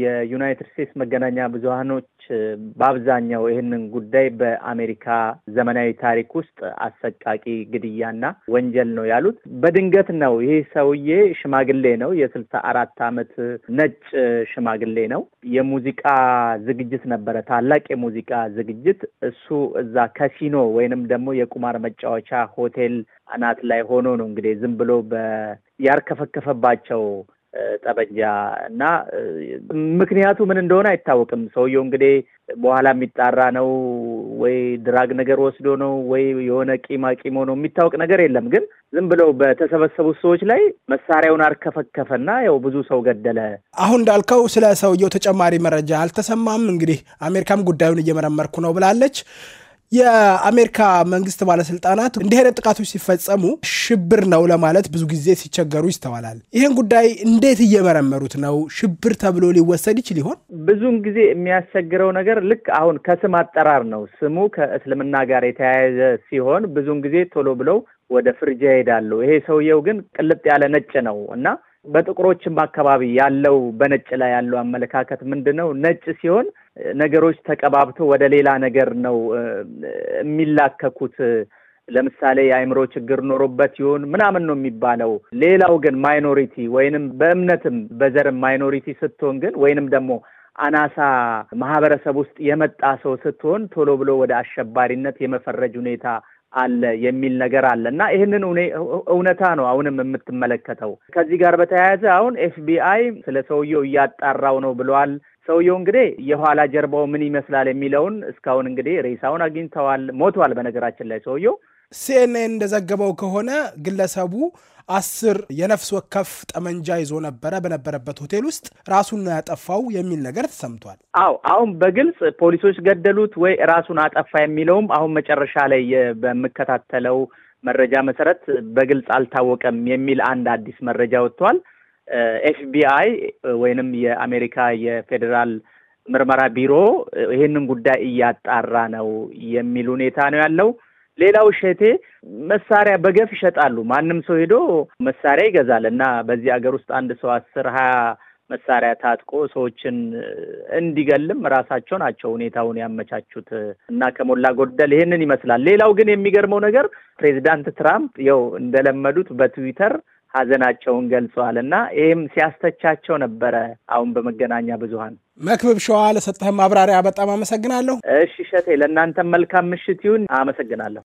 የዩናይትድ ስቴትስ መገናኛ ብዙሀኖች በአብዛኛው ይህንን ጉዳይ በአሜሪካ ዘመናዊ ታሪክ ውስጥ አሰቃቂ ግድያና ወንጀል ነው ያሉት። በድንገት ነው። ይህ ሰውዬ ሽማግሌ ነው። የስልሳ አራት ዓመት ነጭ ሽማግሌ ነው። የሙዚቃ ዝግጅት ነበረ፣ ታላቅ የሙዚቃ ዝግጅት። እሱ እዛ ከሲኖ ወይንም ደግሞ የቁማር መጫወቻ ሆቴል አናት ላይ ሆኖ ነው እንግዲህ ዝም ብሎ በ ያርከፈከፈባቸው ጠበንጃ እና ምክንያቱ ምን እንደሆነ አይታወቅም። ሰውየው እንግዲህ በኋላ የሚጣራ ነው ወይ ድራግ ነገር ወስዶ ነው ወይ የሆነ ቂም ቂሞ ነው የሚታወቅ ነገር የለም። ግን ዝም ብለው በተሰበሰቡት ሰዎች ላይ መሳሪያውን አርከፈከፈና ያው ብዙ ሰው ገደለ። አሁን እንዳልከው ስለ ሰውየው ተጨማሪ መረጃ አልተሰማም። እንግዲህ አሜሪካም ጉዳዩን እየመረመርኩ ነው ብላለች። የአሜሪካ መንግስት ባለስልጣናት እንዲህ አይነት ጥቃቶች ሲፈጸሙ ሽብር ነው ለማለት ብዙ ጊዜ ሲቸገሩ ይስተዋላል። ይህን ጉዳይ እንዴት እየመረመሩት ነው? ሽብር ተብሎ ሊወሰድ ይችል ይሆን? ብዙን ጊዜ የሚያስቸግረው ነገር ልክ አሁን ከስም አጠራር ነው። ስሙ ከእስልምና ጋር የተያያዘ ሲሆን ብዙን ጊዜ ቶሎ ብለው ወደ ፍርጃ ይሄዳሉ። ይሄ ሰውየው ግን ቅልጥ ያለ ነጭ ነው እና በጥቁሮችም አካባቢ ያለው በነጭ ላይ ያለው አመለካከት ምንድን ነው? ነጭ ሲሆን ነገሮች ተቀባብቶ ወደ ሌላ ነገር ነው የሚላከኩት። ለምሳሌ የአእምሮ ችግር ኖሮበት ይሁን ምናምን ነው የሚባለው። ሌላው ግን ማይኖሪቲ ወይንም በእምነትም በዘርም ማይኖሪቲ ስትሆን ግን ወይንም ደግሞ አናሳ ማህበረሰብ ውስጥ የመጣ ሰው ስትሆን ቶሎ ብሎ ወደ አሸባሪነት የመፈረጅ ሁኔታ አለ የሚል ነገር አለ እና ይህንን እውነታ ነው አሁንም የምትመለከተው። ከዚህ ጋር በተያያዘ አሁን ኤፍቢአይ ስለ ሰውየው እያጣራው ነው ብለዋል። ሰውየው እንግዲህ የኋላ ጀርባው ምን ይመስላል የሚለውን እስካሁን እንግዲህ ሬሳውን አግኝተዋል። ሞቷል። በነገራችን ላይ ሰውየው ሲኤንኤን እንደዘገበው ከሆነ ግለሰቡ አስር የነፍስ ወከፍ ጠመንጃ ይዞ ነበረ በነበረበት ሆቴል ውስጥ ራሱን ያጠፋው የሚል ነገር ተሰምቷል። አዎ አሁን በግልጽ ፖሊሶች ገደሉት ወይ ራሱን አጠፋ የሚለውም አሁን መጨረሻ ላይ በምከታተለው መረጃ መሰረት በግልጽ አልታወቀም የሚል አንድ አዲስ መረጃ ወጥቷል። ኤፍቢአይ ወይንም የአሜሪካ የፌዴራል ምርመራ ቢሮ ይህንን ጉዳይ እያጣራ ነው የሚል ሁኔታ ነው ያለው። ሌላው እሸቴ መሳሪያ በገፍ ይሸጣሉ። ማንም ሰው ሄዶ መሳሪያ ይገዛል እና በዚህ ሀገር ውስጥ አንድ ሰው አስር ሀያ መሳሪያ ታጥቆ ሰዎችን እንዲገልም ራሳቸው ናቸው ሁኔታውን ያመቻቹት እና ከሞላ ጎደል ይህንን ይመስላል። ሌላው ግን የሚገርመው ነገር ፕሬዚዳንት ትራምፕ ያው እንደለመዱት በትዊተር ሀዘናቸውን ገልጸዋል እና ይህም ሲያስተቻቸው ነበረ። አሁን በመገናኛ ብዙሀን መክብብ ሸዋ ለሰጠህ ማብራሪያ በጣም አመሰግናለሁ። እሺ እሸቴ፣ ለእናንተም መልካም ምሽት ይሁን። አመሰግናለሁ።